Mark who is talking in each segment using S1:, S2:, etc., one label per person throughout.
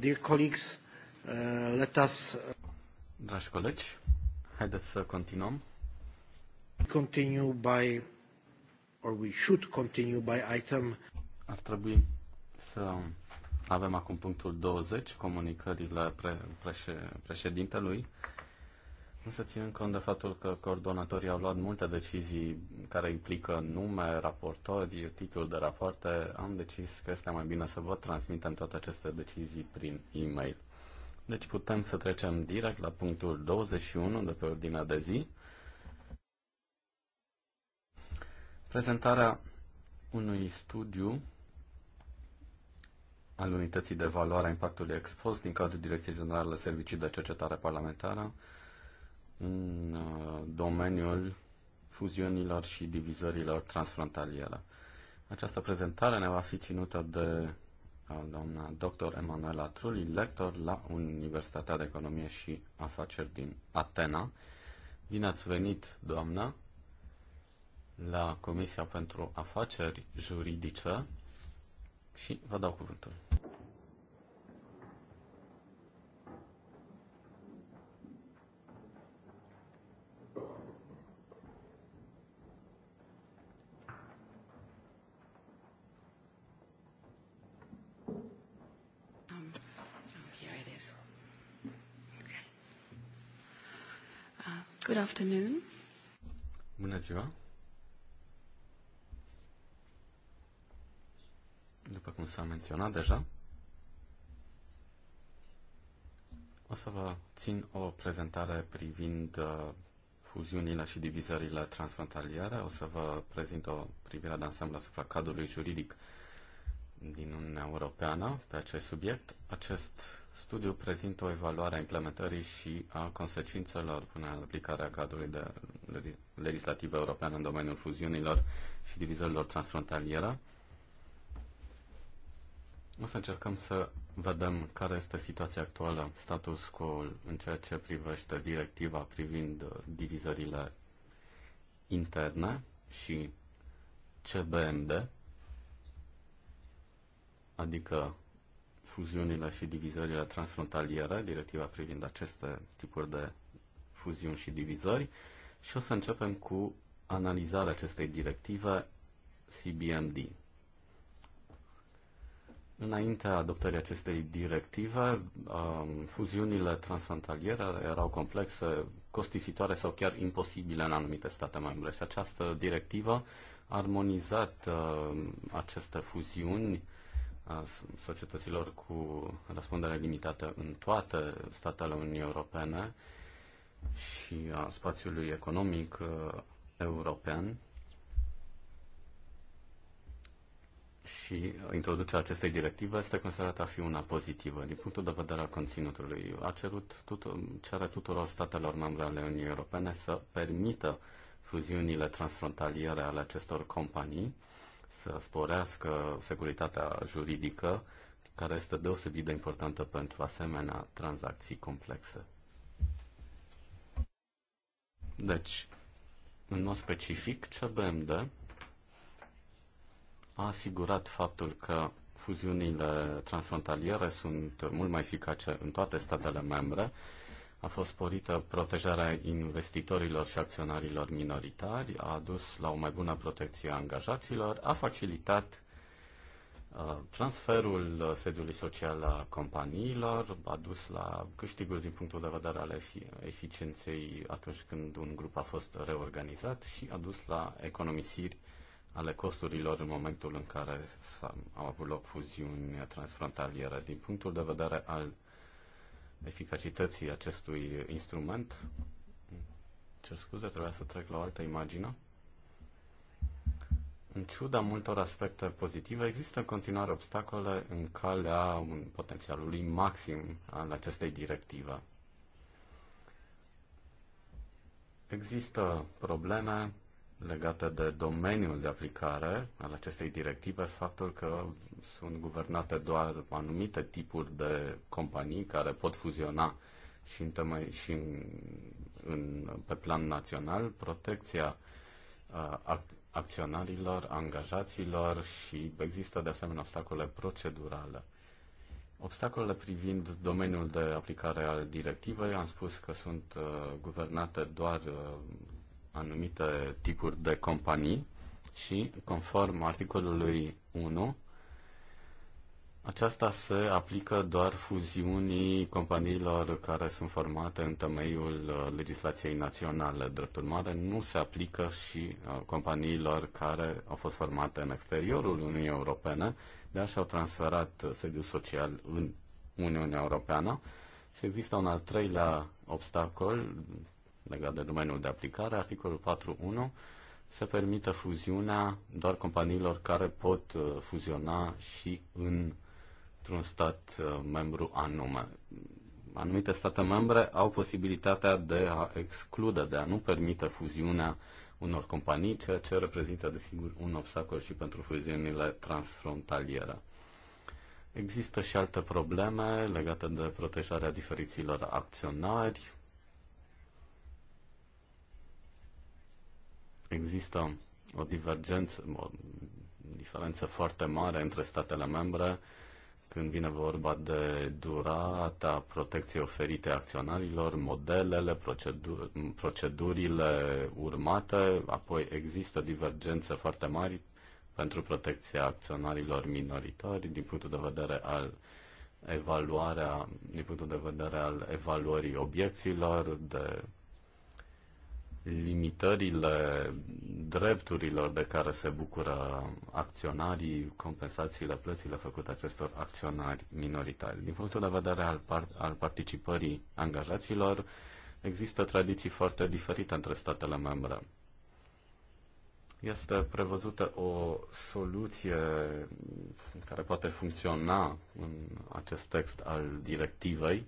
S1: Dear colleagues, uh, let us... Uh,
S2: Dragi colegi, haideți să continuăm.
S1: Continue by, or we should continue by item.
S2: Ar trebui să avem acum punctul 20, comunicările pre, președintelui Însă ținând cont de faptul că coordonatorii au luat multe decizii care implică nume, raportori, titlul de rapoarte, am decis că este mai bine să vă transmitem toate aceste decizii prin e-mail. Deci putem să trecem direct la punctul 21 de pe ordinea de zi. Prezentarea unui studiu al unității de valoare a impactului expus din cadrul Direcției Generale Servicii de Cercetare Parlamentară în uh, domeniul fuzionilor și divizorilor transfrontaliere. Această prezentare ne va fi ținută de uh, doamna dr. Emanuela Trulli, lector la Universitatea de Economie și Afaceri din Atena. Bine ați venit, doamna, la Comisia pentru Afaceri Juridice și vă dau cuvântul. Good afternoon. Bună ziua. După cum s-a menționat deja, o să vă țin o prezentare privind uh, fuziunile și divizările transfrontaliere. O să vă prezint o privire de ansamblu asupra cadrului juridic din Uniunea Europeană pe acest subiect. Acest Studiul prezintă o evaluare a implementării și a consecințelor până la aplicarea cadrului de legislativă europeană în domeniul fuziunilor și divizărilor transfrontaliere. O să încercăm să vedem care este situația actuală, status quo în ceea ce privește directiva privind divizările interne și CBND, adică fuziunile și divizările transfrontaliere, directiva privind aceste tipuri de fuziuni și divizări și o să începem cu analizarea acestei directive CBMD. Înaintea adoptării acestei directive, um, fuziunile transfrontaliere erau complexe, costisitoare sau chiar imposibile în anumite state membre și această directivă a armonizat uh, aceste fuziuni a societăților cu răspundere limitată în toate statele Uniunii Europene și a spațiului economic uh, european și introducerea acestei directive este considerată a fi una pozitivă din punctul de vedere al conținutului. A cerut tuturor, cere tuturor statelor membre ale Uniunii Europene să permită fuziunile transfrontaliere ale acestor companii să sporească securitatea juridică, care este deosebit de importantă pentru asemenea tranzacții complexe. Deci, în mod specific, CBMD a asigurat faptul că fuziunile transfrontaliere sunt mult mai eficace în toate statele membre, a fost sporită protejarea investitorilor și acționarilor minoritari, a adus la o mai bună protecție a angajaților, a facilitat uh, transferul sediului social a companiilor, a dus la câștiguri din punctul de vedere al eficienței atunci când un grup a fost reorganizat și a dus la economisiri ale costurilor în momentul în care au avut loc fuziuni transfrontaliere. Din punctul de vedere al eficacității acestui instrument. Cer scuze, trebuia să trec la o altă imagine. În ciuda multor aspecte pozitive, există în continuare obstacole în calea un potențialului maxim al acestei directive. Există probleme legate de domeniul de aplicare al acestei directive, faptul că sunt guvernate doar anumite tipuri de companii care pot fuziona și, în teme- și în, în, pe plan național, protecția uh, acționarilor, angajaților și există de asemenea obstacole procedurale. Obstacolele privind domeniul de aplicare al directivei, am spus că sunt uh, guvernate doar uh, anumite tipuri de companii și, conform articolului 1, aceasta se aplică doar fuziunii companiilor care sunt formate în temeiul uh, legislației naționale. Drept urmare, nu se aplică și uh, companiilor care au fost formate în exteriorul Uniunii Europene, dar și-au transferat uh, sediul social în Uniunea Europeană. Și există un al treilea obstacol legat de domeniul de aplicare, articolul 4.1, se permită fuziunea doar companiilor care pot fuziona și în într-un stat uh, membru anume. Anumite state membre au posibilitatea de a exclude, de a nu permite fuziunea unor companii, ceea ce reprezintă, desigur, un obstacol și pentru fuziunile transfrontaliere. Există și alte probleme legate de protejarea diferiților acționari. Există o divergență, o diferență foarte mare între statele membre când vine vorba de durata protecției oferite acționarilor, modelele, procedur- procedurile urmate, apoi există divergențe foarte mari pentru protecția acționarilor minoritari din punctul de vedere al evaluarea, din punctul de vedere al evaluării obiecțiilor, de limitările drepturilor de care se bucură acționarii, compensațiile, plățile făcute acestor acționari minoritari. Din punctul de vedere al, par- al participării angajaților, există tradiții foarte diferite între statele membre. Este prevăzută o soluție care poate funcționa în acest text al directivei,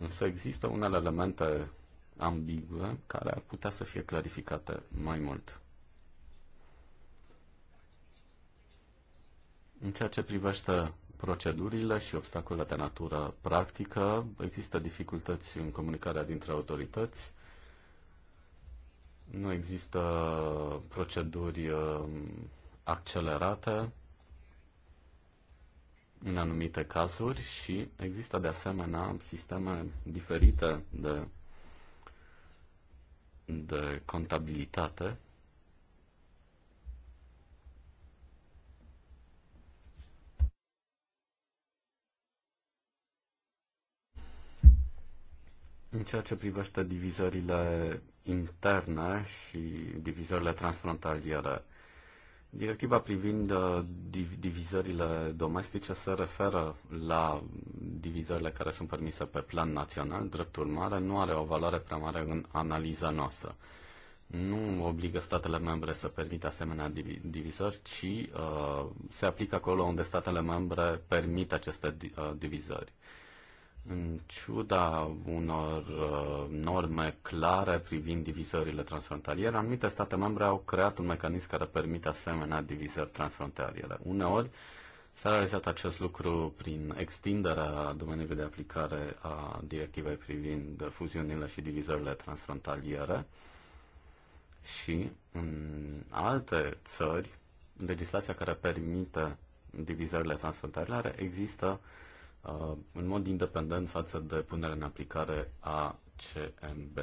S2: însă există unele elemente ambiguă care ar putea să fie clarificată mai mult. În ceea ce privește procedurile și obstacolele de natură practică, există dificultăți în comunicarea dintre autorități, nu există proceduri um, accelerate în anumite cazuri și există de asemenea sisteme diferite de de contabilitate În ceea ce privește divizările interne și divizările transfrontaliere, Directiva privind uh, divizările domestice se referă la divizările care sunt permise pe plan național, drept urmare, nu are o valoare prea mare în analiza noastră. Nu obligă statele membre să permită asemenea divizări, ci uh, se aplică acolo unde statele membre permit aceste uh, divizări. Uh, în ciuda unor uh, norme clare privind divizările transfrontaliere, anumite state membre au creat un mecanism care permite asemenea divizări transfrontaliere. Uneori s-a realizat acest lucru prin extinderea domeniului de aplicare a directivei privind fuziunile și divizările transfrontaliere și în alte țări legislația care permite divizările transfrontaliere există uh, Uh, în mod independent față de punerea în aplicare a CMB.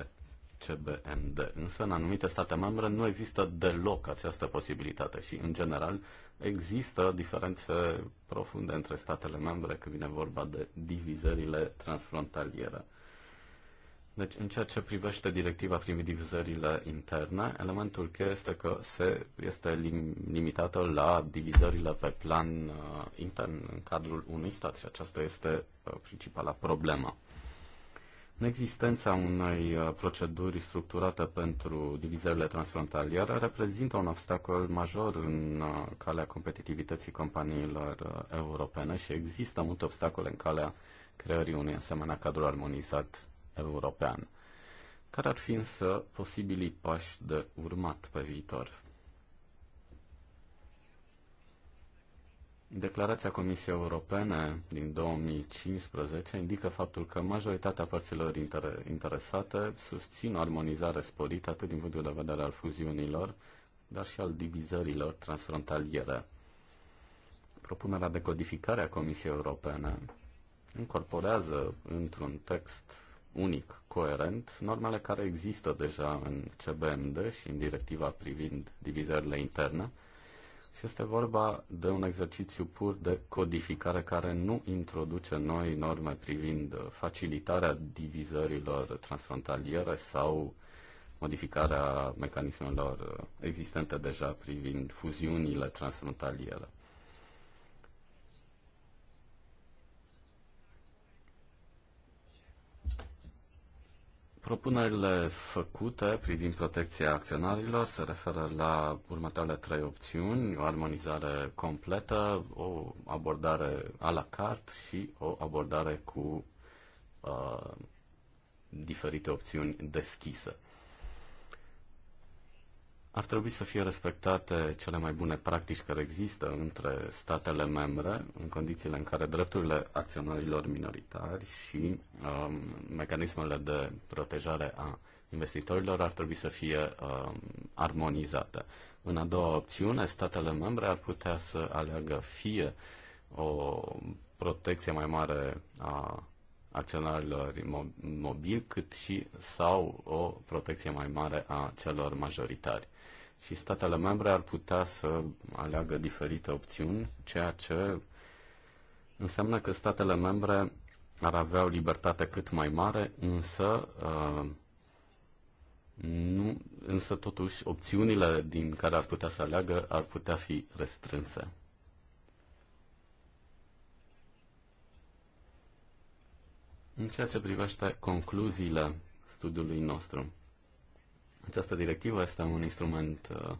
S2: CBMD. Însă în anumite state membre nu există deloc această posibilitate și, în general, există diferențe profunde între statele membre când vine vorba de divizările transfrontaliere. Deci, în ceea ce privește directiva privind divizările interne, elementul cheie este că se este limitată la divizările pe plan uh, intern în cadrul unui stat și aceasta este uh, principala problemă. În existența unei uh, proceduri structurate pentru divizările transfrontaliere reprezintă un obstacol major în uh, calea competitivității companiilor uh, europene și există multe obstacole în calea creării unui asemenea cadru armonizat european. Care ar fi însă posibilii pași de urmat pe viitor? Declarația Comisiei Europene din 2015 indică faptul că majoritatea părților inter- interesate susțin o armonizare sporită atât din punctul de vedere al fuziunilor, dar și al divizărilor transfrontaliere. Propunerea de codificare a Comisiei Europene incorporează într-un text unic, coerent, normele care există deja în CBMD și în directiva privind divizările interne. Și este vorba de un exercițiu pur de codificare care nu introduce noi norme privind facilitarea divizărilor transfrontaliere sau modificarea mecanismelor existente deja privind fuziunile transfrontaliere. Propunerile făcute privind protecția acționarilor se referă la următoarele trei opțiuni, o armonizare completă, o abordare a la carte și o abordare cu uh, diferite opțiuni deschise. Ar trebui să fie respectate cele mai bune practici care există între statele membre, în condițiile în care drepturile acționarilor minoritari și um, mecanismele de protejare a investitorilor ar trebui să fie um, armonizate. În a doua opțiune, statele membre ar putea să aleagă fie o protecție mai mare a acționarilor mobili, cât și sau o protecție mai mare a celor majoritari. Și statele membre ar putea să aleagă diferite opțiuni, ceea ce înseamnă că statele membre ar avea o libertate cât mai mare, însă uh, nu, însă totuși opțiunile din care ar putea să aleagă ar putea fi restrânse. În ceea ce privește concluziile studiului nostru, această directivă este un instrument uh,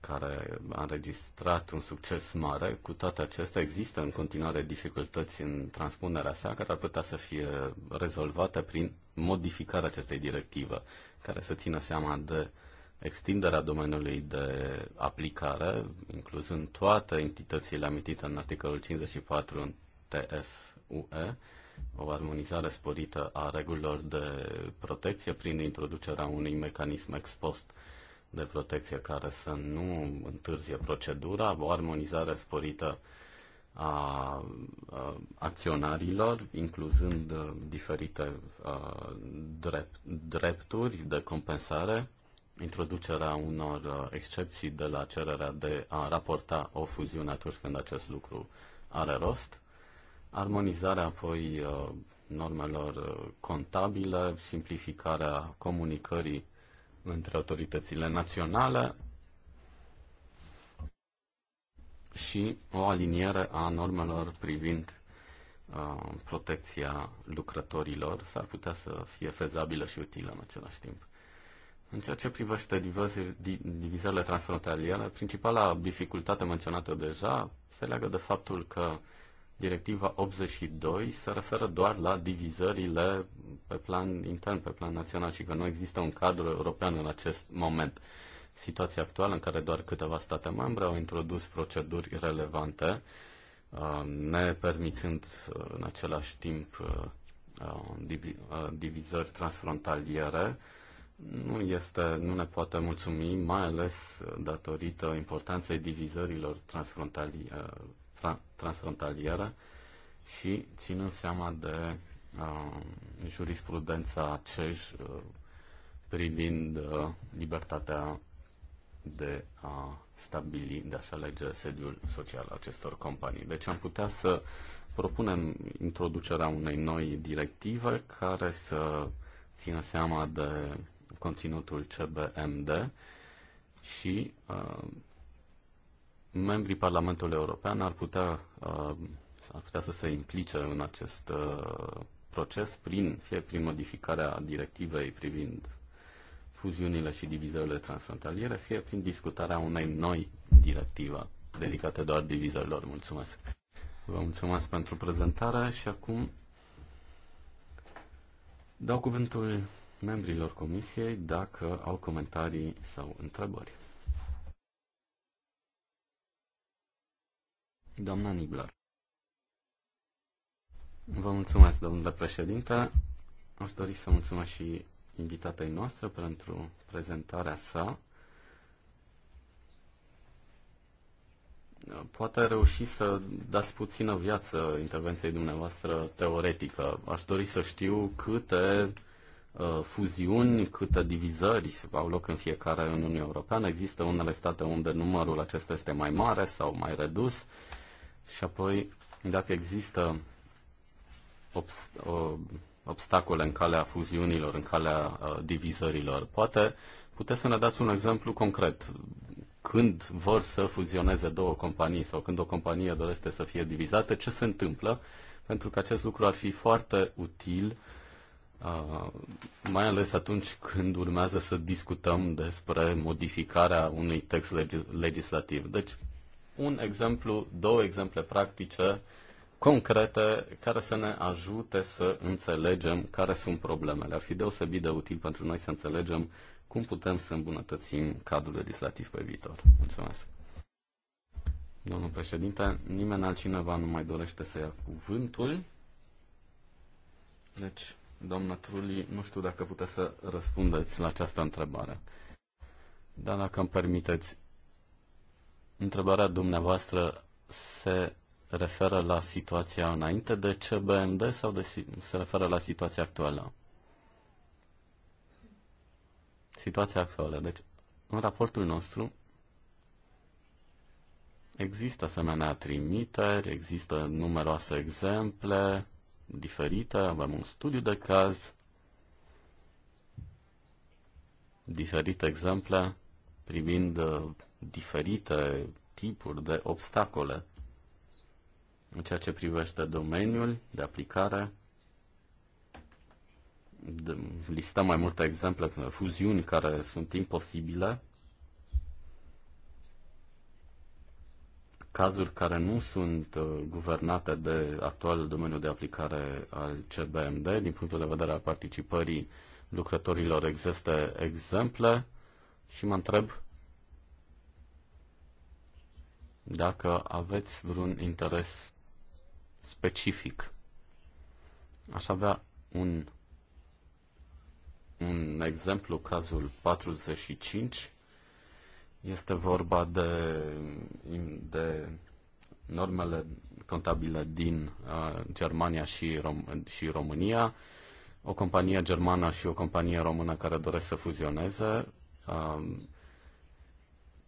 S2: care a înregistrat un succes mare. Cu toate acestea, există în continuare dificultăți în transpunerea sa, care ar putea să fie rezolvate prin modificarea acestei directive, care să țină seama de extinderea domeniului de aplicare, incluzând toate entitățile amintite în articolul 54 în TFUE, o armonizare sporită a regulilor de protecție prin introducerea unui mecanism expost de protecție care să nu întârzie procedura, o armonizare sporită a, a acționarilor, incluzând uh, diferite a, uh, drept, drepturi de compensare, introducerea unor uh, excepții de la cererea de a raporta o fuziune atunci când acest lucru are rost armonizarea apoi uh, normelor contabile, simplificarea comunicării între autoritățile naționale și o aliniere a normelor privind uh, protecția lucrătorilor s-ar putea să fie fezabilă și utilă în același timp. În ceea ce privește divizările transfrontaliere, principala dificultate menționată deja se leagă de faptul că Directiva 82 se referă doar la divizările pe plan intern, pe plan național și că nu există un cadru european în acest moment. Situația actuală în care doar câteva state membre au introdus proceduri relevante, uh, ne permițând uh, în același timp uh, divizări transfrontaliere, nu, este, nu ne poate mulțumi, mai ales datorită importanței divizărilor transfrontali, transfrontaliere și ținând seama de uh, jurisprudența CEJ uh, privind uh, libertatea de a stabili, de a-și alege sediul social acestor companii. Deci am putea să propunem introducerea unei noi directive care să țină seama de conținutul CBMD și uh, membrii Parlamentului European ar putea, uh, ar putea să se implice în acest uh, proces prin, fie prin modificarea directivei privind fuziunile și divizările transfrontaliere, fie prin discutarea unei noi directive dedicate doar divizărilor. Mulțumesc! Vă mulțumesc pentru prezentare și acum dau cuvântul membrilor comisiei dacă au comentarii sau întrebări. Doamna Nibler. Vă mulțumesc, domnule președinte. Aș dori să mulțumesc și invitatei noastre pentru prezentarea sa. Poate reuși să dați puțină viață intervenției dumneavoastră teoretică. Aș dori să știu câte uh, fuziuni, câte divizări au loc în fiecare în Uniunea Europeană. Există unele state unde numărul acesta este mai mare sau mai redus. Și apoi, dacă există o, obstacole în calea fuziunilor, în calea uh, divizărilor, poate puteți să ne dați un exemplu concret. Când vor să fuzioneze două companii sau când o companie dorește să fie divizată, ce se întâmplă? Pentru că acest lucru ar fi foarte util, uh, mai ales atunci când urmează să discutăm despre modificarea unui text leg- legislativ. Deci, un exemplu, două exemple practice concrete care să ne ajute să înțelegem care sunt problemele. Ar fi deosebit de util pentru noi să înțelegem cum putem să îmbunătățim cadrul legislativ pe viitor. Mulțumesc. Domnul președinte, nimeni altcineva nu mai dorește să ia cuvântul. Deci, doamna Truli, nu știu dacă puteți să răspundeți la această întrebare. Dar dacă îmi permiteți, Întrebarea dumneavoastră se referă la situația înainte de CBMD sau de, se referă la situația actuală? Situația actuală. Deci, în raportul nostru există asemenea trimiteri, există numeroase exemple diferite, avem un studiu de caz, diferite exemple privind uh, diferite tipuri de obstacole în ceea ce privește domeniul de aplicare. Listăm mai multe exemple, fuziuni care sunt imposibile, cazuri care nu sunt uh, guvernate de actualul domeniu de aplicare al CBMD. Din punctul de vedere al participării lucrătorilor există exemple și mă întreb dacă aveți vreun interes specific. Aș avea un, un exemplu, cazul 45. Este vorba de, de normele contabile din uh, Germania și, Rom- și România. O companie germană și o companie română care doresc să fuzioneze. Uh,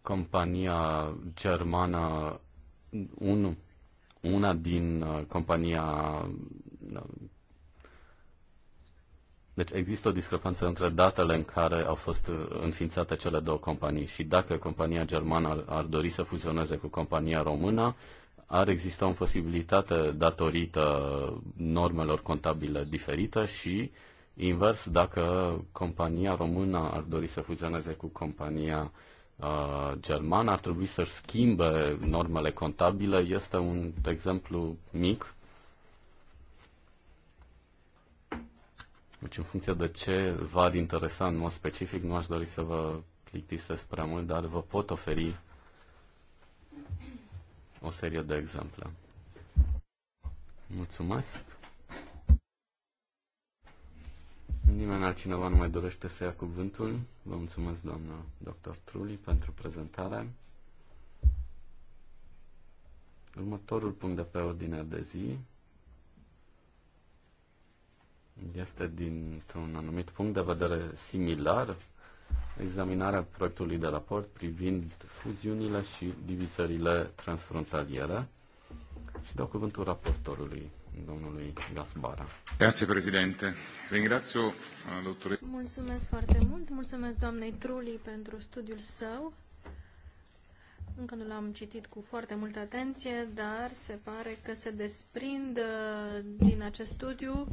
S2: compania germană, un, una din uh, compania uh, deci există o discrepanță între datele în care au fost uh, înființate cele două companii și dacă compania germană ar, ar dori să fuzioneze cu compania română, ar exista o posibilitate datorită normelor contabile diferite și invers, dacă compania română ar dori să fuzioneze cu compania Uh, german ar trebui să-și schimbe normele contabile este un exemplu mic. Deci, în funcție de ce v-ar interesa în mod specific, nu aș dori să vă plictisesc prea mult, dar vă pot oferi o serie de exemple. Mulțumesc! Nimeni altcineva nu mai dorește să ia cuvântul. Vă mulțumesc, doamna dr. Truli, pentru prezentare. Următorul punct de pe ordinea de zi este dintr-un anumit punct de vedere similar examinarea proiectului de raport privind fuziunile și divizările transfrontaliere. Și dau cuvântul raportorului, domnului Grazie, președinte. Ringrazio uh,
S3: Mulțumesc foarte mult. Mulțumesc doamnei Trulli pentru studiul său. Încă nu l-am citit cu foarte multă atenție, dar se pare că se desprind uh, din acest studiu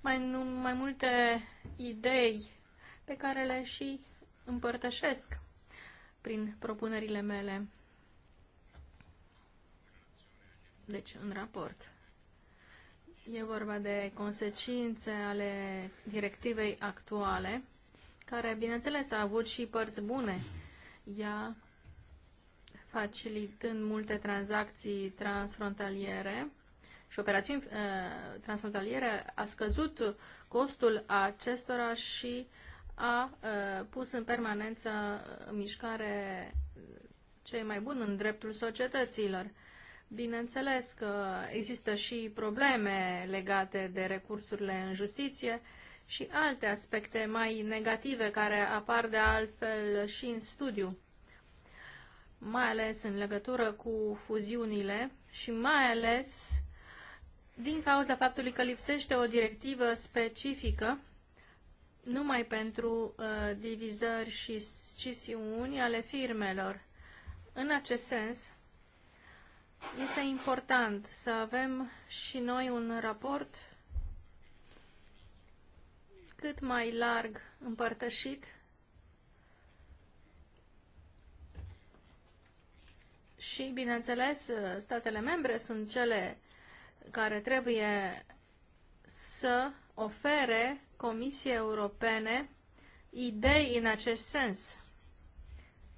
S3: mai, mai multe idei pe care le și împărtășesc prin propunerile mele deci în raport. E vorba de consecințe ale directivei actuale, care, bineînțeles, a avut și părți bune. Ea facilitând multe tranzacții transfrontaliere și operațiuni uh, transfrontaliere, a scăzut costul acestora și a uh, pus în permanență mișcare cei mai buni în dreptul societăților. Bineînțeles că există și probleme legate de recursurile în justiție și alte aspecte mai negative care apar de altfel și în studiu, mai ales în legătură cu fuziunile și mai ales din cauza faptului că lipsește o directivă specifică numai pentru uh, divizări și scisiuni ale firmelor. În acest sens, este important să avem și noi un raport cât mai larg împărtășit și, bineînțeles, statele membre sunt cele care trebuie să ofere Comisiei Europene idei în acest sens,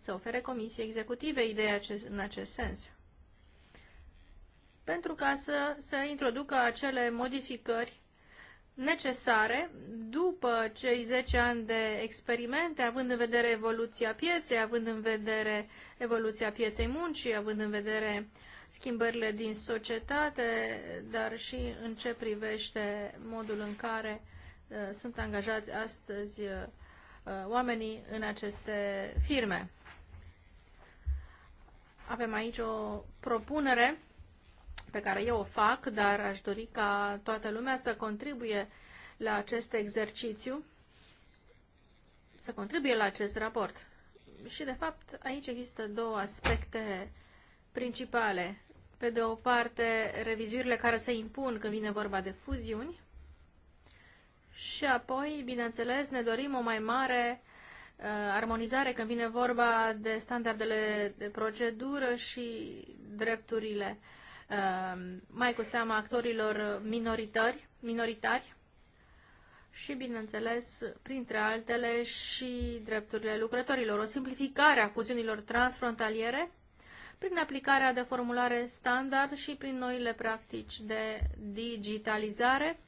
S3: să ofere Comisiei Executive idei în acest sens pentru ca să să introducă acele modificări necesare după cei 10 ani de experimente, având în vedere evoluția pieței, având în vedere evoluția pieței muncii, având în vedere schimbările din societate, dar și în ce privește modul în care uh, sunt angajați astăzi uh, oamenii în aceste firme. Avem aici o propunere pe care eu o fac, dar aș dori ca toată lumea să contribuie la acest exercițiu, să contribuie la acest raport. Și, de fapt, aici există două aspecte principale. Pe de o parte, revizuirile care se impun când vine vorba de fuziuni și apoi, bineînțeles, ne dorim o mai mare uh, armonizare când vine vorba de standardele de procedură și drepturile Ehm, mai cu seamă actorilor minoritari, minoritari și, bineînțeles, printre altele, și drepturile lucrătorilor, o simplificare a fuziunilor transfrontaliere prin aplicarea de formulare standard și prin noile practici de digitalizare,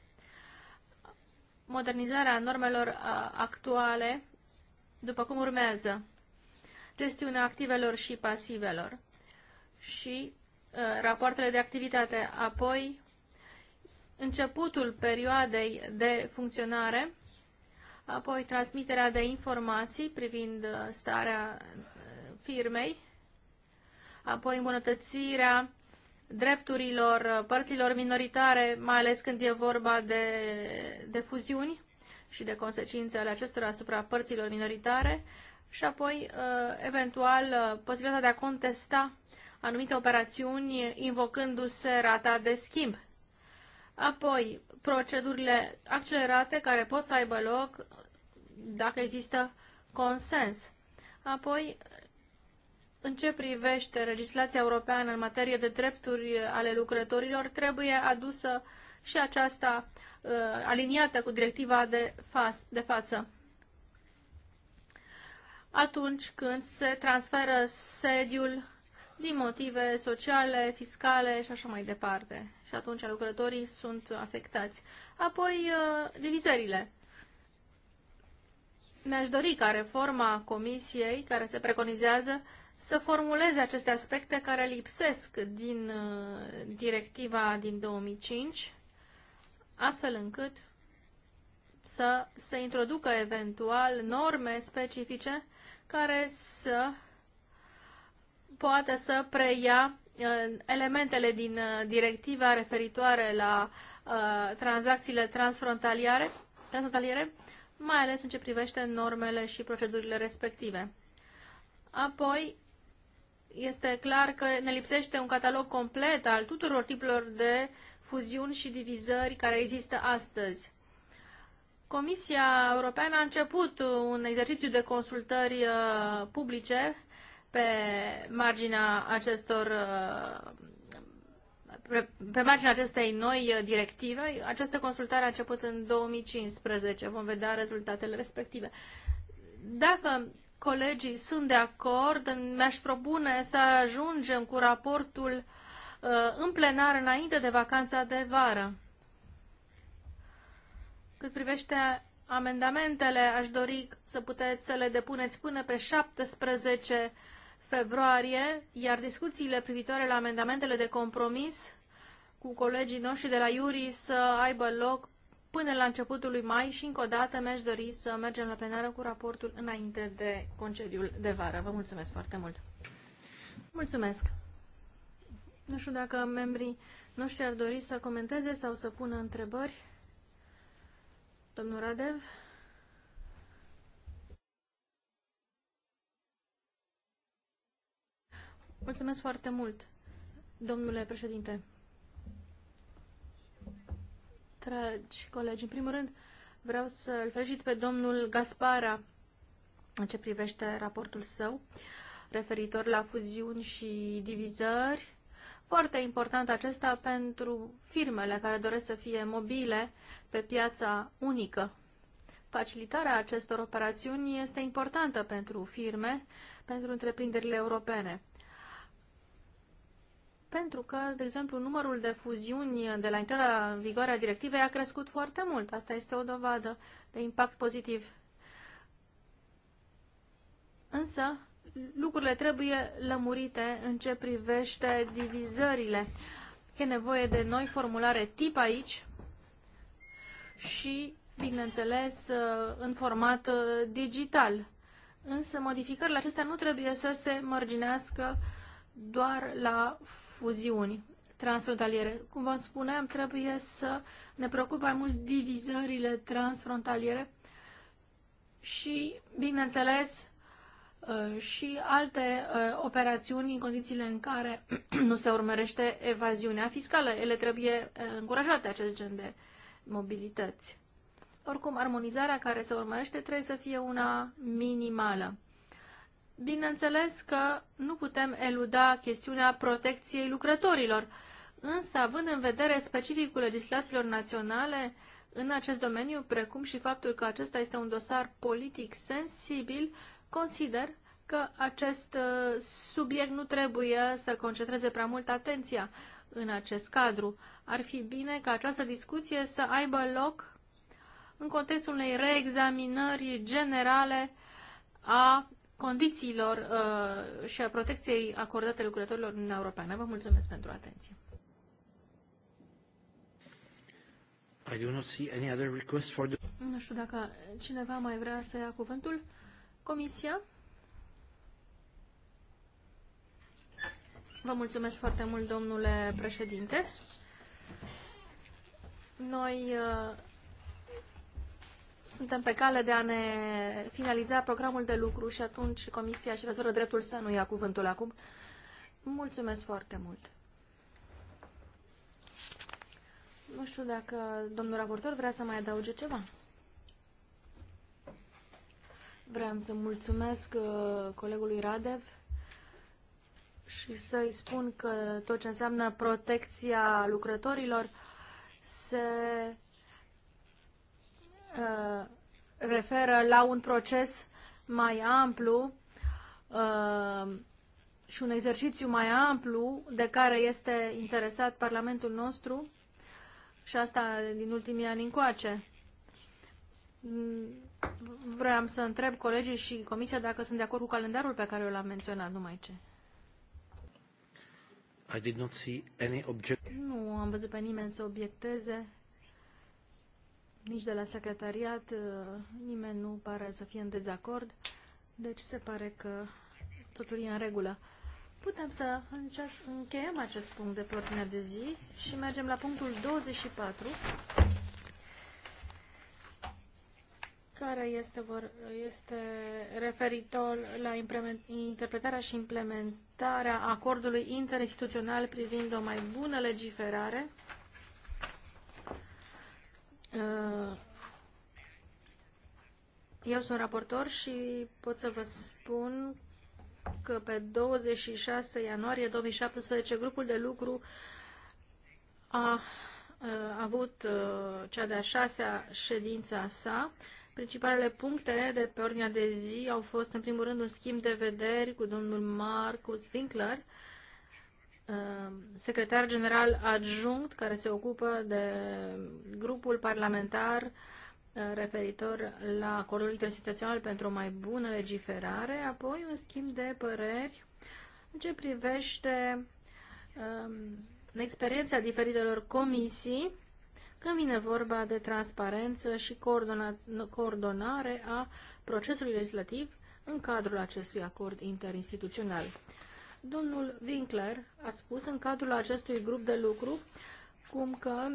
S3: modernizarea normelor actuale, după cum urmează, gestiunea activelor și pasivelor și Uh, rapoartele de activitate, apoi începutul perioadei de funcționare, apoi transmiterea de informații privind uh, starea uh, firmei, apoi îmbunătățirea drepturilor părților minoritare, mai ales când e vorba de, de fuziuni și de consecințele acestora asupra părților minoritare și apoi, eventual, posibilitatea de a contesta uh, anumite operațiuni invocându-se rata de schimb. Apoi, procedurile accelerate care pot să aibă loc dacă există consens. Apoi, în ce privește legislația europeană în materie de drepturi ale lucrătorilor, trebuie adusă și aceasta uh, aliniată cu directiva de, fa- de față. Atunci când se transferă sediul din motive sociale, fiscale și așa mai departe. Și atunci lucrătorii sunt afectați. Apoi, uh, divizările. Mi-aș dori ca reforma comisiei care se preconizează să formuleze aceste aspecte care lipsesc din uh, directiva din 2005, astfel încât să se introducă eventual norme specifice care să poate să preia uh, elementele din uh, directiva referitoare la uh, tranzacțiile transfrontaliere, transfrontaliere, mai ales în ce privește normele și procedurile respective. Apoi, este clar că ne lipsește un catalog complet al tuturor tipurilor de fuziuni și divizări care există astăzi. Comisia Europeană a început un exercițiu de consultări publice pe marginea acestor uh, pe marginea acestei noi uh, directive, această consultare a început în 2015. Vom vedea rezultatele respective. Dacă colegii sunt de acord, mi-aș propune să ajungem cu raportul uh, în plenar înainte de vacanța de vară. Cât privește amendamentele, aș dori să puteți să le depuneți până pe 17 februarie, iar discuțiile privitoare la amendamentele de compromis cu colegii noștri de la Iuri să aibă loc până la începutul lui mai și încă o dată mi-aș dori să mergem la plenară cu raportul înainte de concediul de vară. Vă mulțumesc foarte mult! Mulțumesc! Nu știu dacă membrii noștri ar dori să comenteze sau să pună întrebări. Domnul Radev? Mulțumesc foarte mult, domnule președinte. Dragi colegi, în primul rând vreau să-l felicit pe domnul Gaspara în ce privește raportul său referitor la fuziuni și divizări. Foarte important acesta pentru firmele care doresc să fie mobile pe piața unică. Facilitarea acestor operațiuni este importantă pentru firme, pentru întreprinderile europene pentru că, de exemplu, numărul de fuziuni de la intrarea în vigoare a directivei a crescut foarte mult. Asta este o dovadă de impact pozitiv. Însă, lucrurile trebuie lămurite în ce privește divizările. E nevoie de noi formulare tip aici și, bineînțeles, în format digital. Însă modificările acestea nu trebuie să se mărginească doar la fuziuni transfrontaliere. Cum vă spuneam, trebuie să ne preocupăm mai mult divizările transfrontaliere și, bineînțeles, uh, și alte uh, operațiuni în condițiile în care nu se urmărește evaziunea fiscală. Ele trebuie uh, încurajate, acest gen de mobilități. Oricum, armonizarea care se urmărește trebuie să fie una minimală. Bineînțeles că nu putem eluda chestiunea protecției lucrătorilor, însă având în vedere specificul legislațiilor naționale în acest domeniu, precum și faptul că acesta este un dosar politic sensibil, consider că acest uh, subiect nu trebuie să concentreze prea mult atenția în acest cadru. Ar fi bine ca această discuție să aibă loc în contextul unei reexaminări generale a condițiilor uh, și a protecției acordate lucrătorilor în Europeană. Vă mulțumesc pentru atenție.
S1: I do not see any other request for the...
S3: Nu știu dacă cineva mai vrea să ia cuvântul. Comisia? Vă mulțumesc foarte mult, domnule președinte. Noi uh, suntem pe cale de a ne finaliza programul de lucru și atunci Comisia și rezervă dreptul să nu ia cuvântul acum. Mulțumesc foarte mult! Nu știu dacă domnul raportor vrea să mai adauge ceva. Vreau să mulțumesc uh, colegului Radev și să-i spun că tot ce înseamnă protecția lucrătorilor se Uh, referă la un proces mai amplu uh, și un exercițiu mai amplu de care este interesat Parlamentul nostru și asta din ultimii ani încoace. Vreau să întreb colegii și comisia dacă sunt de acord cu calendarul pe care l-am menționat, numai ce.
S1: I did not see any object...
S3: Nu am văzut pe nimeni să obiecteze nici de la secretariat uh, nimeni nu pare să fie în dezacord, deci se pare că totul e în regulă. Putem să încheiem acest punct de pe ordinea de zi și mergem la punctul 24, care este, vor, este referitor la interpretarea și implementarea acordului interinstituțional privind o mai bună legiferare Uh, eu sunt raportor și pot să vă spun că pe 26 ianuarie 2017 grupul de lucru a, uh, a avut uh, cea de-a șasea ședință a sa. Principalele puncte de pe ordinea de zi au fost, în primul rând, un schimb de vederi cu domnul Marcus Winkler, Ehm, secretar general adjunct care se ocupă de grupul parlamentar eh, referitor la acordul interinstituțional pentru o mai bună legiferare, apoi un schimb de păreri în ce privește um, experiența diferitelor comisii când vine vorba de transparență și coordonare a procesului legislativ în cadrul acestui acord interinstituțional. Domnul Winkler a spus în cadrul acestui grup de lucru cum că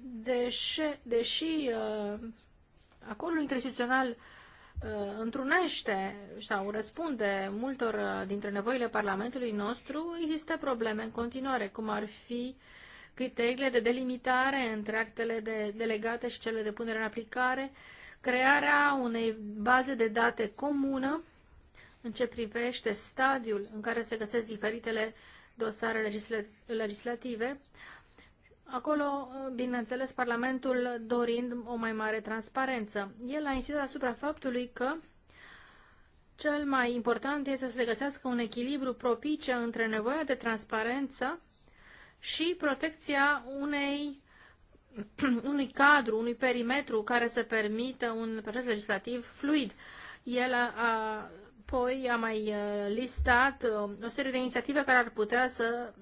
S3: deși, deși uh, acordul instituțional uh, întrunește sau răspunde multor uh, dintre nevoile Parlamentului nostru, există probleme în continuare, cum ar fi criteriile de delimitare între actele de delegate și cele de punere în aplicare, crearea unei baze de date comună în ce privește stadiul în care se găsesc diferitele dosare legisla legislative, Acolo, bineînțeles, Parlamentul dorind o mai mare transparență. El a insistat asupra faptului că cel mai important este să se găsească un echilibru propice între nevoia de transparență și protecția unei, unui cadru, unui perimetru care să permită un proces legislativ fluid. El a, a Apoi a mai uh, listat uh, o serie de inițiative care ar putea să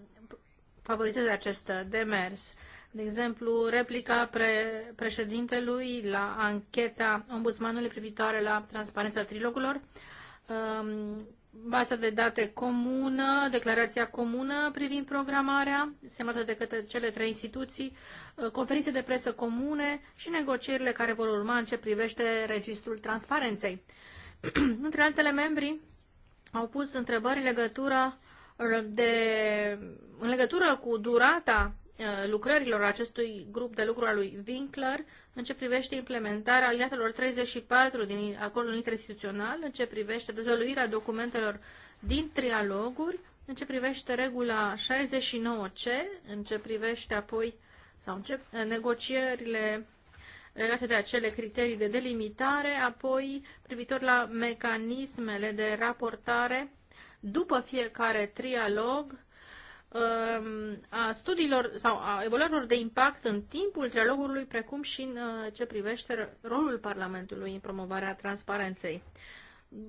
S3: favorizeze acest demers. De exemplu, replica pre- președintelui la ancheta ombudsmanului privitoare la transparența trilogurilor, um, baza de date comună, declarația comună privind programarea, semnată de către cele trei instituții, uh, conferințe de presă comune și negocierile care vor urma în ce privește registrul transparenței. Între altele, membrii au pus întrebări în legătură, de, în legătură cu durata uh, lucrărilor acestui grup de lucru al lui Winkler în ce privește implementarea aliatelor 34 din acordul interinstituțional, în ce privește dezvăluirea documentelor din trialoguri, în ce privește regula 69C, în ce privește apoi sau în ce, negocierile legate de acele criterii de delimitare, apoi privitor la mecanismele de raportare după fiecare trialog um, a studiilor sau a evaluărilor de impact în timpul trialogului, precum și în uh, ce privește rolul Parlamentului în promovarea transparenței.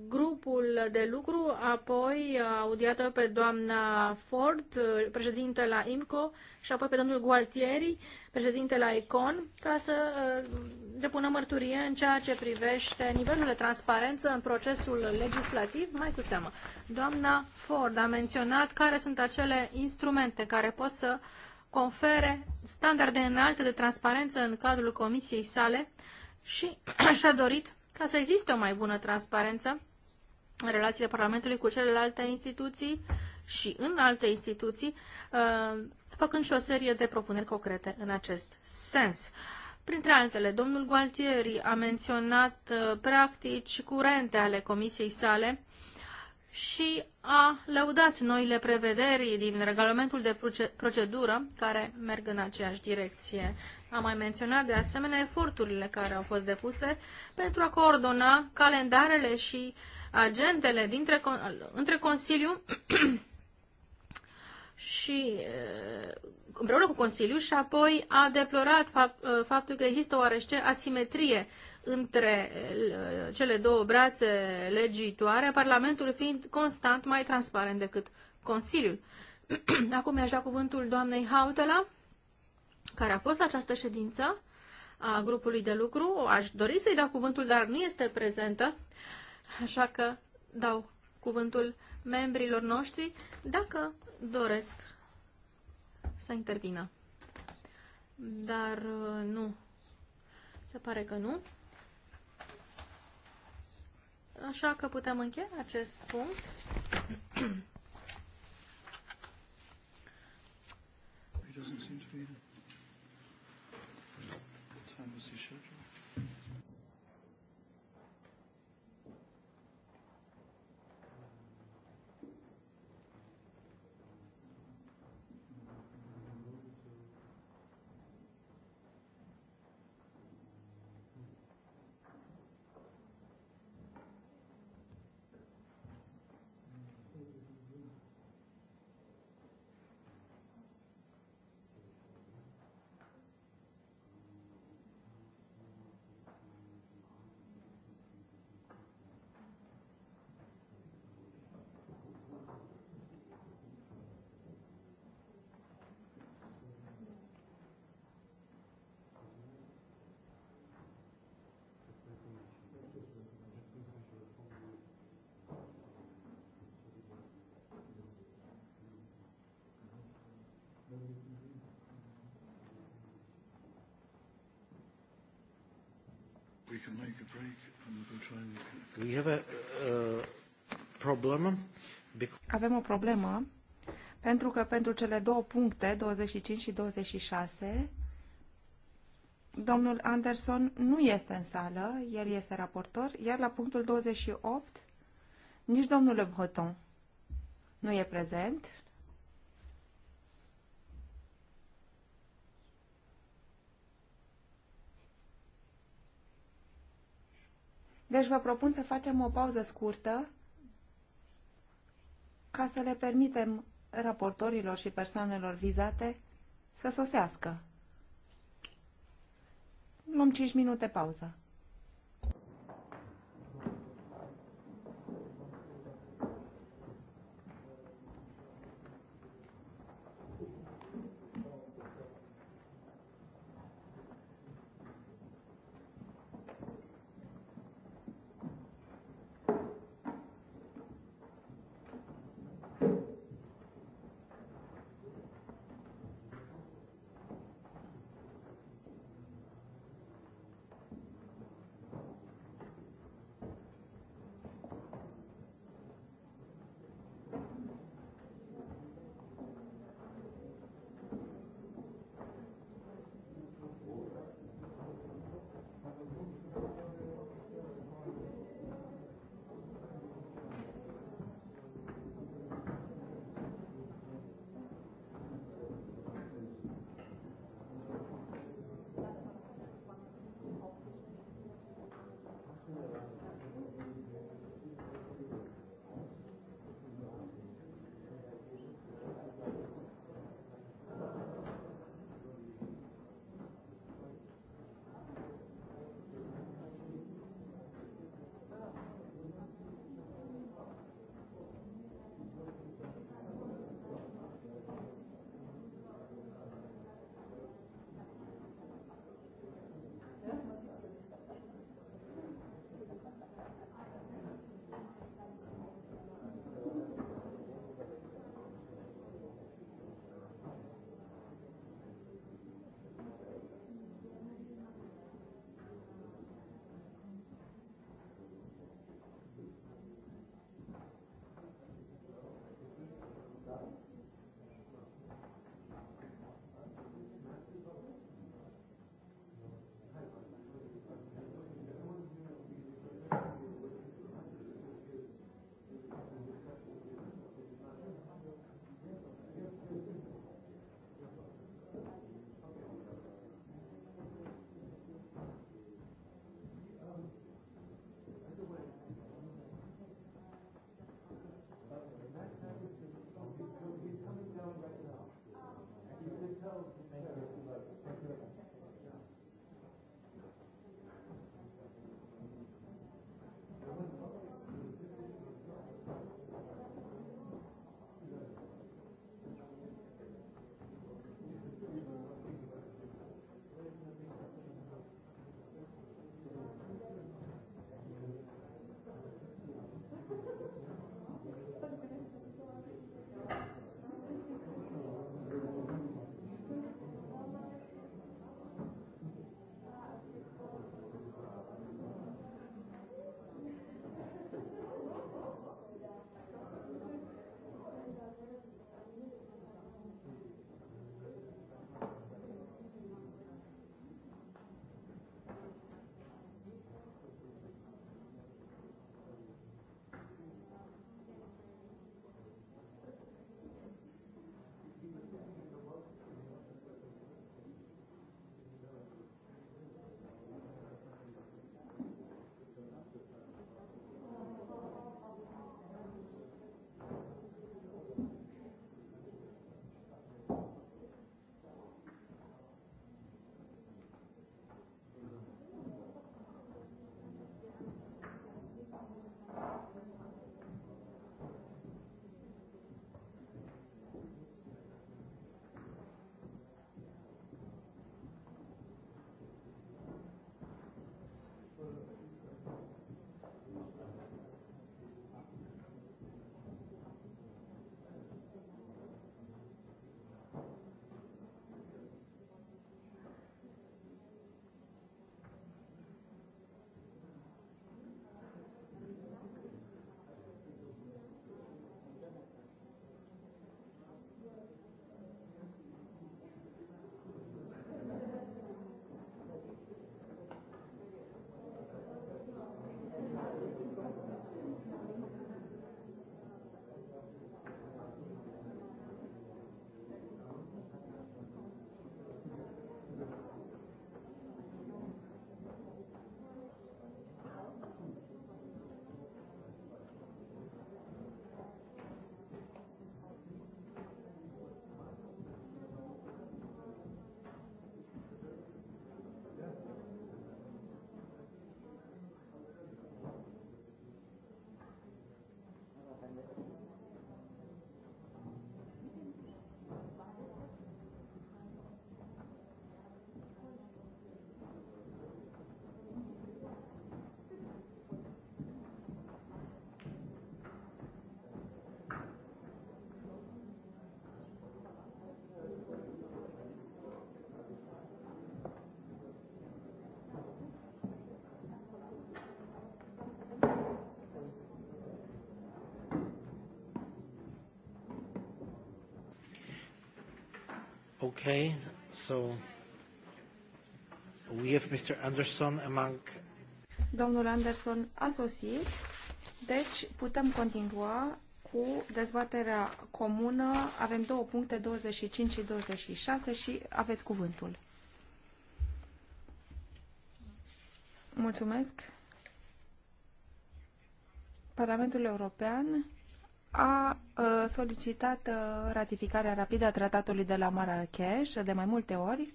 S3: Grupul de lucru apoi audiată pe doamna Ford, președinte la IMCO, și apoi pe domnul Gualtieri, președinte la ICON, ca să depună mărturie în ceea ce privește nivelul de transparență în procesul legislativ, mai cu seamă. Doamna Ford a menționat care sunt acele instrumente care pot să confere standarde înalte de transparență în cadrul comisiei sale și și-a dorit ca să existe o mai bună transparență în relațiile Parlamentului cu celelalte instituții și în alte instituții, uh, făcând și o serie de propuneri concrete în acest sens. Printre altele, domnul Gualtieri a menționat uh, practici curente ale comisiei sale, și a lăudat noile prevederi din regulamentul de procedură care merg în aceeași direcție. Am mai menționat de asemenea eforturile care au fost depuse pentru a coordona calendarele și agentele dintre, între Consiliu și eh, împreună cu Consiliu și apoi a deplorat fapt, eh, faptul că există oarește asimetrie între eh, cele două brațe legitoare, Parlamentul fiind constant mai transparent decât Consiliul. Acum i aș da cuvântul doamnei Hautela, care a fost la această ședință a grupului de lucru. Aș dori să-i dau cuvântul, dar nu este prezentă, așa că dau cuvântul membrilor noștri dacă doresc să intervină. Dar eh, nu, se pare că nu. Așa că putem încheia acest punct.
S2: doesn't seem to
S4: be. time
S5: we can make a break and try and look at We have a uh, problem.
S4: Avem o problemă pentru că pentru cele două puncte, 25 și 26, domnul Anderson nu este în sală, el este raportor, iar la punctul 28 nici domnul Le Breton nu e prezent. Deci vă propun să facem o pauză scurtă ca să le permitem raportorilor și persoanelor vizate să sosească. Luăm 5 minute pauză.
S5: Okay, so we have Mr. Anderson among...
S4: Domnul Anderson a sosit, deci putem continua cu dezbaterea comună. Avem două puncte, 25 și 26 și aveți cuvântul. Mulțumesc. Parlamentul European a solicitat ratificarea rapidă a tratatului de la Marrakesh de mai multe ori.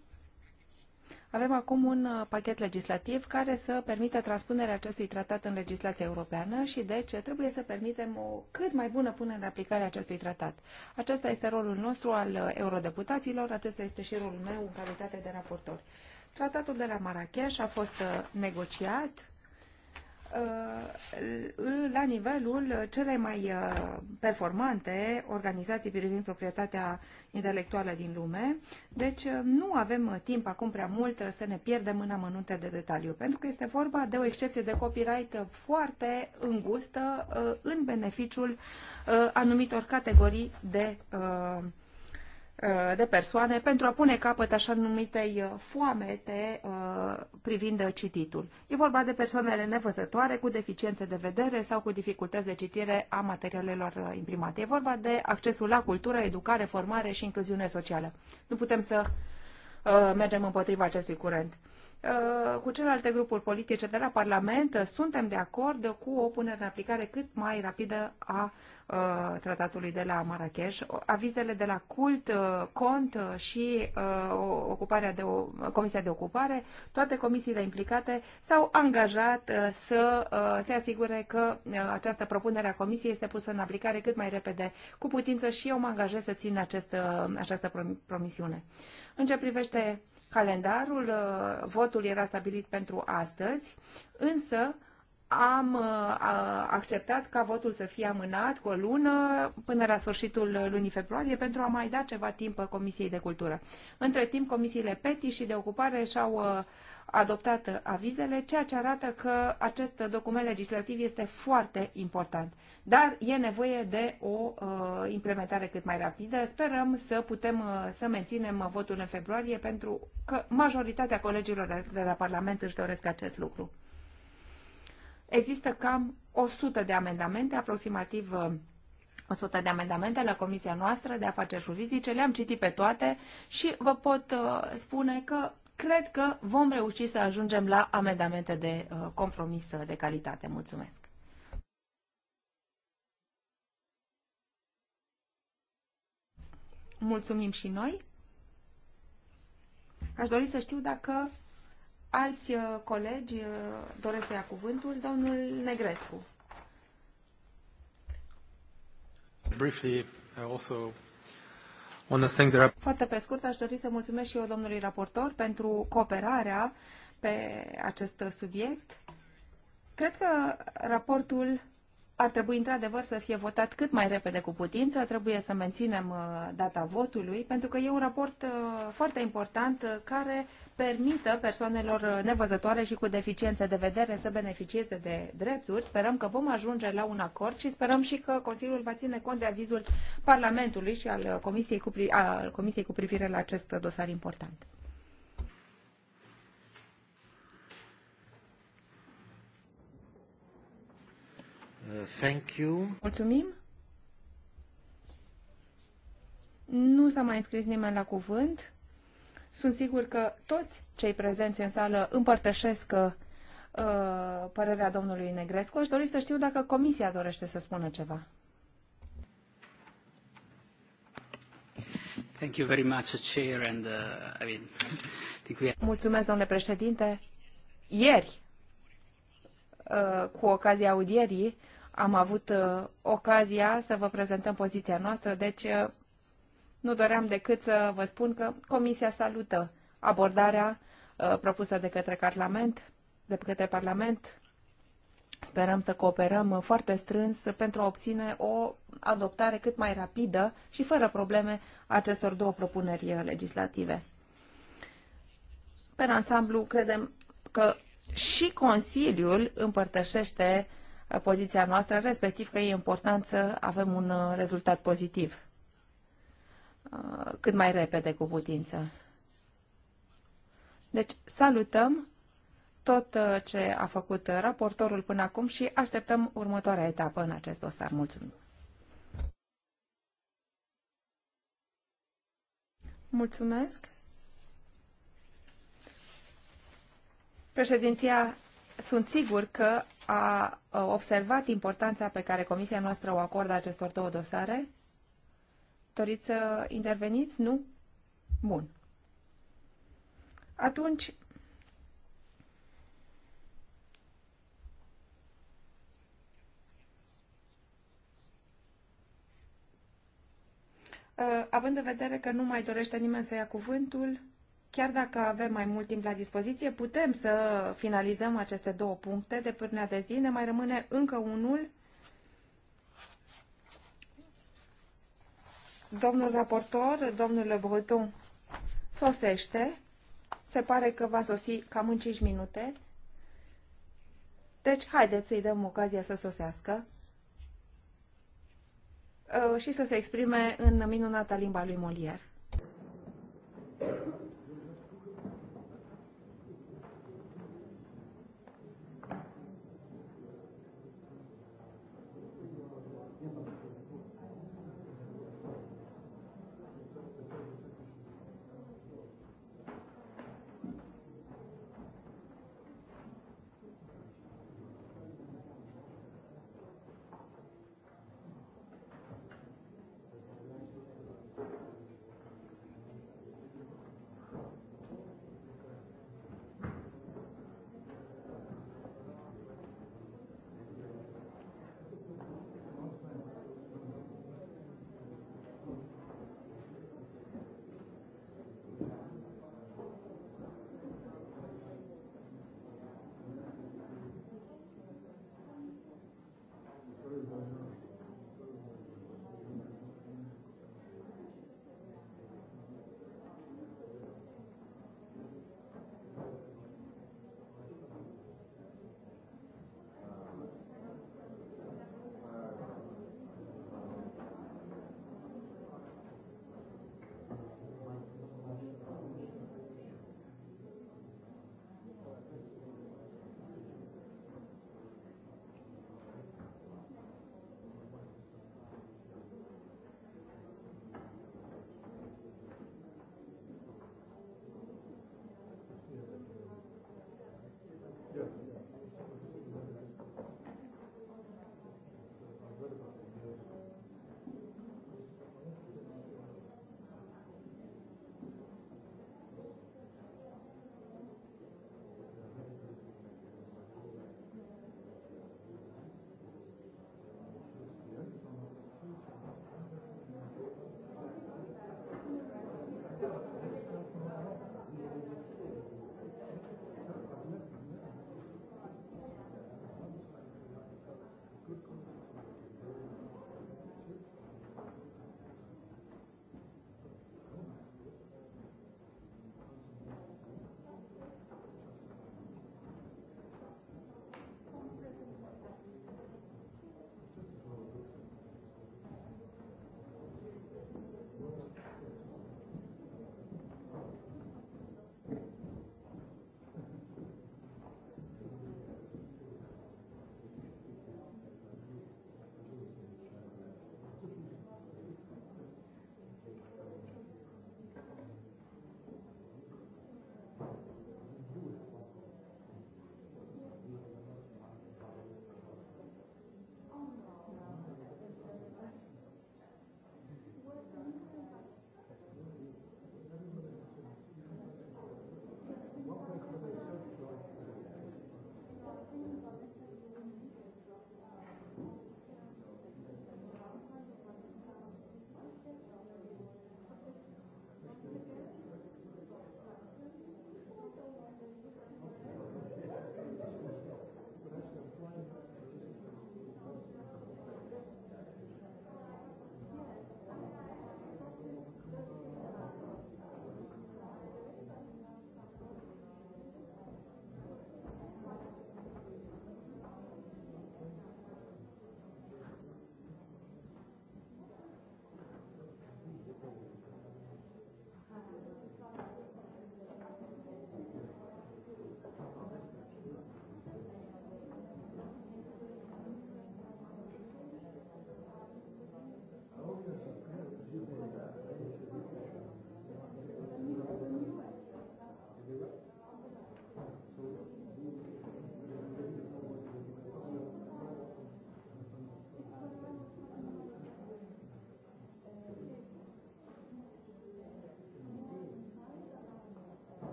S4: Avem acum un pachet legislativ care să permită transpunerea acestui tratat în legislația europeană și deci trebuie să permitem o cât mai bună punere în aplicare a acestui tratat. Acesta este rolul nostru al eurodeputaților, acesta este și rolul meu în calitate de raportor. Tratatul de la Marrakesh a fost negociat Uh, la nivelul celei mai uh, performante organizații privind proprietatea intelectuală din lume. Deci uh, nu avem timp acum prea mult să ne pierdem în amănunte de detaliu, pentru că este vorba de o excepție de copyright foarte îngustă în beneficiul anumitor categorii de Uh, de persoane pentru a pune capăt așa numitei uh, foamete uh, privind cititul. E vorba de persoanele nevăzătoare cu deficiențe de vedere sau cu dificultăți de citire a materialelor imprimate. E vorba de accesul la cultură, educare, formare și incluziune socială. Nu putem să mergem împotriva acestui curent. Uh, cu celelalte grupuri politice de la Parlament uh, suntem de acord cu o punere în aplicare cât mai rapidă a uh, tratatului de la Marrakesh. Avizele de la CULT, CONT și ocuparea de, Comisia de Ocupare, toate comisiile implicate s-au angajat să se asigure că această propunere a Comisiei este pusă în aplicare cât mai repede cu putință și eu mă angajez să țin acest, această promisiune. În ce privește Calendarul, uh, votul era stabilit pentru astăzi, însă am uh, acceptat ca votul să fie amânat cu o lună până la sfârșitul lunii februarie pentru a mai da ceva timp Comisiei de Cultură. Între timp, Comisiile PETI și de Ocupare și-au uh, adoptat avizele, ceea ce arată că acest document legislativ este foarte important. Dar e nevoie de o uh, implementare cât mai rapidă. Sperăm să putem uh, să menținem votul în februarie pentru că majoritatea colegilor de la Parlament își doresc acest lucru. Există cam 100 de amendamente, aproximativ 100 uh, de amendamente la comisia noastră de afaceri juridice, le-am citit pe toate și vă pot uh, spune că cred că vom reuși să ajungem la amendamente de uh, compromis de calitate. Mulțumesc! Mulțumim și noi! Aș dori să știu dacă Alți uh, colegi uh, doresc să ia cuvântul. Domnul Negrescu.
S5: Briefly, also the.
S4: foarte pe scurt, aș dori să mulțumesc și eu domnului raportor pentru cooperarea pe acest subiect. Cred că raportul ar trebui într-adevăr să fie votat cât mai repede cu putință, trebuie să menținem uh, data votului, pentru că e un raport uh, foarte important uh, care permită persoanelor nevăzătoare și cu deficiențe de vedere să beneficieze de drepturi. Sperăm că vom ajunge la un acord și sperăm și că Consiliul va ține cont de avizul Parlamentului și al Comisiei cu, pri- al Comisiei cu privire la acest dosar important.
S5: Uh,
S4: Mulțumim. Nu s-a mai înscris nimeni la cuvânt. Sunt sigur că toți cei prezenți în sală împărtășesc uh, părerea domnului Negrescu. Aș dori să știu dacă comisia dorește să spună ceva.
S1: Thank you very much, Chair, and, uh, I mean, we
S4: Mulțumesc, domnule președinte. Ieri, uh, cu ocazia audierii, am avut uh, ocazia să vă prezentăm poziția noastră, deci uh, nu doream decât să vă spun că Comisia salută abordarea uh, propusă de către Parlament, de către Parlament. Sperăm să cooperăm foarte strâns pentru a obține o adoptare cât mai rapidă și fără probleme a acestor două propuneri legislative. Pe ansamblu, credem că și Consiliul împărtășește uh, poziția noastră, respectiv că e important să avem un uh, rezultat pozitiv uh, cât mai repede cu putință. Deci salutăm tot uh, ce a făcut raportorul până acum și așteptăm următoarea etapă în acest dosar. Mulțumim! Mulțumesc! Președinția sunt sigur că a observat importanța pe care comisia noastră o acordă acestor două dosare. Doriți să interveniți? Nu? Bun. Atunci, având în vedere că nu mai dorește nimeni să ia cuvântul, chiar dacă avem mai mult timp la dispoziție, putem să finalizăm aceste două puncte de până de zi. Ne mai rămâne încă unul. Domnul raportor, domnul Le Breton, sosește. Se pare că va sosi cam în 5 minute. Deci, haideți să-i dăm ocazia să sosească uh, și să se exprime în minunata limba lui Molière.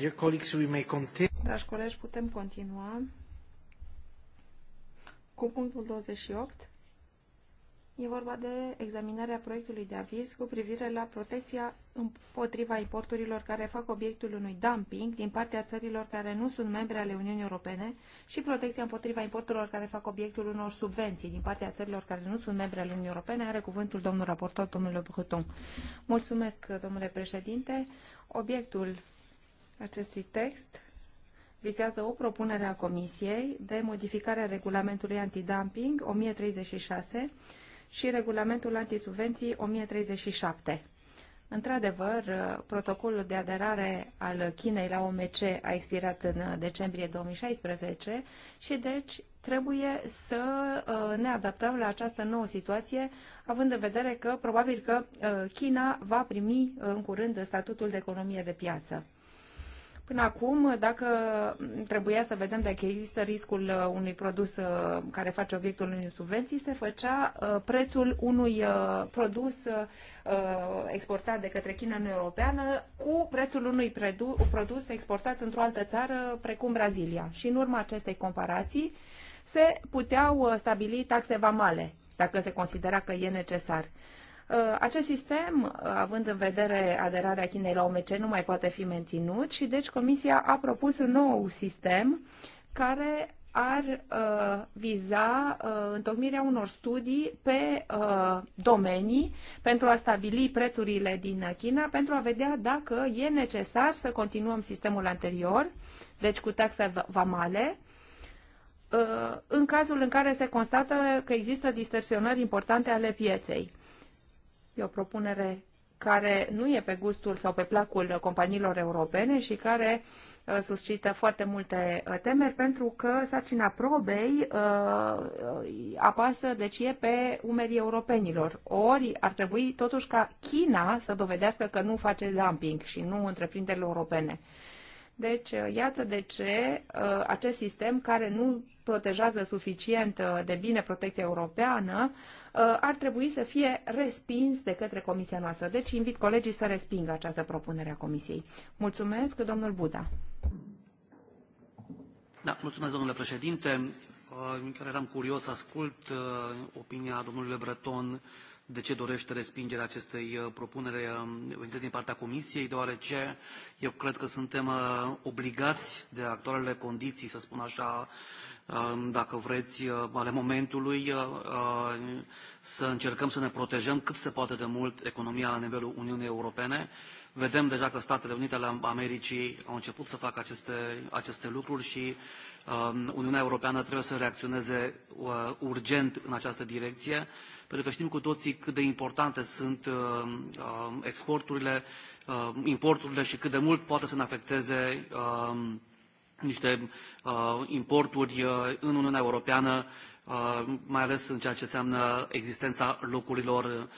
S4: Dear colleagues, we may continue. Dragi colegi, putem continua cu punctul 28. E vorba de examinarea proiectului de aviz cu privire la protecția împotriva importurilor care fac obiectul unui dumping din partea țărilor care nu sunt membre ale Uniunii Europene și protecția împotriva importurilor care fac obiectul unor subvenții din partea țărilor care nu sunt membre ale Uniunii Europene. Are cuvântul domnul raportor, domnule Breton. Mulțumesc, domnule președinte. Obiectul acestui text vizează o propunere a Comisiei de modificare a regulamentului antidumping 1036 și regulamentul antisubvenții 1037. Într-adevăr, protocolul de aderare al Chinei la OMC a expirat în decembrie 2016 și deci trebuie să uh, ne adaptăm la această nouă situație, având în vedere că probabil că uh, China va primi uh, în curând statutul de economie de piață. Până acum, dacă trebuia să vedem dacă există riscul uh, unui produs uh, care face obiectul unei subvenții, se făcea uh, prețul unui produs exportat de către China în Europeană cu prețul unui produs exportat într-o altă țară, precum Brazilia. Și în urma acestei comparații se puteau stabili taxe vamale, dacă se considera că e necesar. Uh, acest sistem, uh, având în vedere aderarea Chinei la OMC, nu mai poate fi menținut și deci Comisia a propus un nou sistem care ar uh, viza uh, întocmirea unor studii pe uh, domenii pentru a stabili prețurile din China, pentru a vedea dacă e necesar să continuăm sistemul anterior, deci cu taxe vamale, uh, în cazul în care se constată că există distorsionări importante ale pieței. E o propunere care nu e pe gustul sau pe placul companiilor europene și care uh, suscită foarte multe uh, temeri pentru că sarcina probei uh, apasă, deci e pe umerii europenilor. Ori ar trebui totuși ca China să dovedească că nu face dumping și nu întreprinderile europene. Deci, uh, iată de ce uh, acest sistem care nu protejează suficient uh, de bine protecția europeană ar trebui să fie respins de către comisia noastră. Deci invit colegii să respingă această propunere a comisiei. Mulțumesc, domnul Buda.
S1: Da, mulțumesc, domnule președinte. Eu chiar eram curios să ascult opinia domnului Breton de ce dorește respingerea acestei uh, propunere venite um, din partea Comisiei, deoarece eu cred că suntem uh, obligați de actualele condiții, să spun așa, um, dacă vreți, uh, ale momentului, să încercăm să ne protejăm cât se poate de mult economia la nivelul Uniunii Europene. Vedem deja că Statele Unite ale Americii au început să facă aceste, aceste lucruri și um, Uniunea Europeană trebuie să reacționeze urgent în această direcție pentru că știm cu toții cât de importante sunt uh, uh, exporturile, uh, importurile și cât de mult poate să ne afecteze niște importuri în Uniunea Europeană, mai ales în ceea ce înseamnă existența locurilor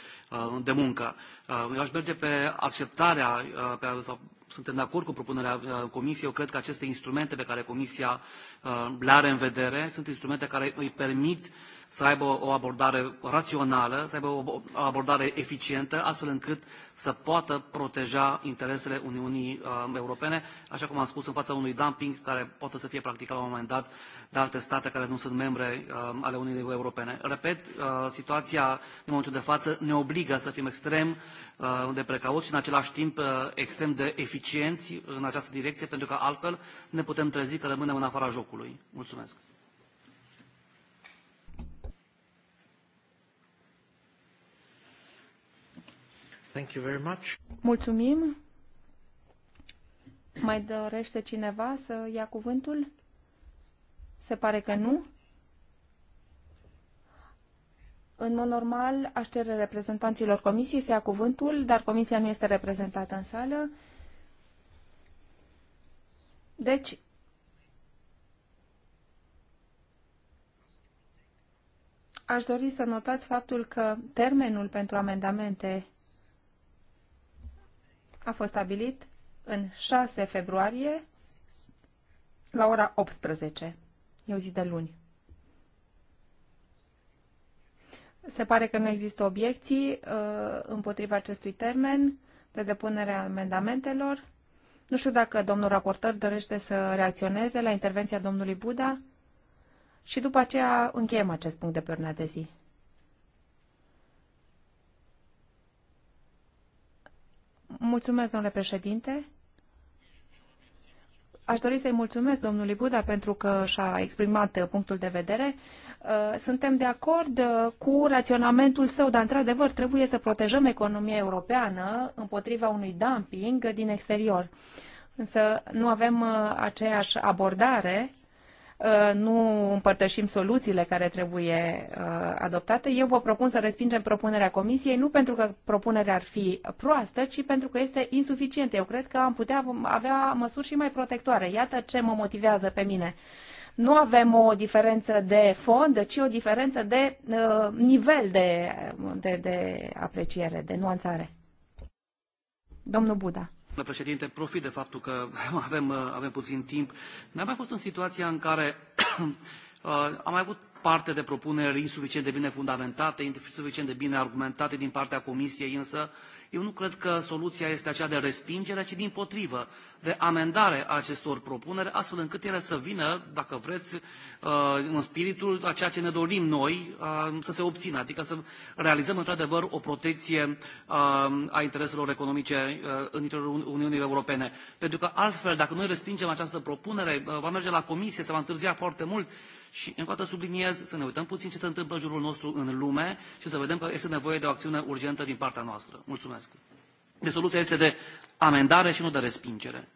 S1: de muncă. Eu aș merge pe acceptarea, pe, sau suntem de acord cu propunerea Comisiei. Eu cred că aceste instrumente pe care Comisia le are în vedere sunt instrumente care îi permit să aibă o abordare rațională, să aibă o abordare eficientă, astfel încât să poată proteja interesele Uniunii uh, Europene, așa cum am spus, în fața unui dumping care poate să fie practicat la un moment dat de alte state care nu sunt membre uh, ale Uniunii Europene. Repet, uh, situația din momentul de față ne obligă să fim extrem de precauți și în același timp extrem de eficienți în această direcție, pentru că altfel ne putem trezi că rămânem în afara jocului. Mulțumesc!
S4: Mulțumim. Mai dorește cineva să ia cuvântul? Se pare că nu. În mod normal, aș cere reprezentanților comisiei să ia cuvântul, dar comisia nu este reprezentată în sală. Deci, aș dori să notați faptul că termenul pentru amendamente a fost stabilit în 6 februarie la ora 18. E o zi de luni. Se pare că nu există obiecții uh, împotriva acestui termen de depunere a amendamentelor. Nu știu dacă domnul raportor dorește să reacționeze la intervenția domnului Buda și după aceea încheiem acest punct de pe de zi. Mulțumesc, domnule președinte. Aș dori să-i mulțumesc domnului Buda pentru că și-a exprimat uh, punctul de vedere. Uh, suntem de acord uh, cu raționamentul său, dar într-adevăr trebuie să protejăm economia europeană împotriva unui dumping din exterior. Însă nu avem aceeași abordare Uh, nu împărtășim soluțiile care trebuie uh, adoptate. Eu vă propun să respingem propunerea Comisiei, nu pentru că propunerea ar fi proastă, ci pentru că este insuficientă. Eu cred că am putea avea măsuri și mai protectoare. Iată ce mă motivează pe mine nu avem o diferență de fond, ci o diferență de uh, nivel de, de, de apreciere, de nuanțare. Domnul Buda.
S1: Domnule președinte, profit de faptul că avem, uh, avem puțin timp. Ne-am mai fost în situația în care uh, am mai avut parte de propuneri insuficient de bine fundamentate, insuficient de bine argumentate din partea Comisiei, însă eu nu cred că soluția este aceea de respingere, ci din potrivă, de amendare a acestor propuneri, astfel încât ele să vină, dacă vreți, uh, în spiritul a ceea ce ne dorim noi uh, să se obțină, adică să realizăm într-adevăr o protecție uh, a intereselor economice în interiorul Uniunii Europene. Pentru că altfel, dacă noi respingem această propunere, va merge la Comisie, se va întârzia foarte mult și încă o dată subliniez să ne uităm puțin ce se întâmplă în jurul nostru în lume și să vedem că este nevoie de o acțiune urgentă din partea noastră. Mulțumesc. De soluția este de amendare și nu de respingere.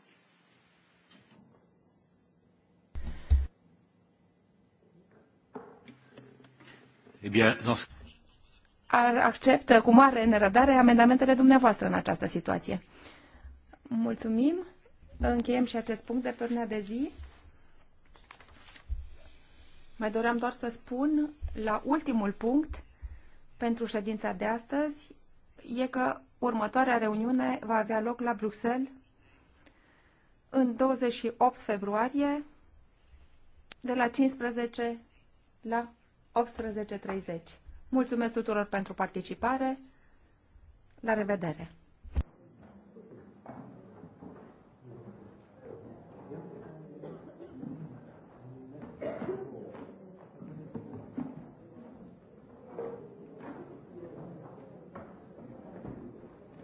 S1: E eh bine,
S4: Ar acceptă cu mare nerăbdare amendamentele dumneavoastră în această situație. Mulțumim. Încheiem și acest punct de pe de zi. Mai doream doar să spun la ultimul punct pentru ședința de astăzi e că următoarea reuniune va avea loc la Bruxelles în 28 februarie de la 15 la 18.30. Mulțumesc tuturor pentru participare. La revedere!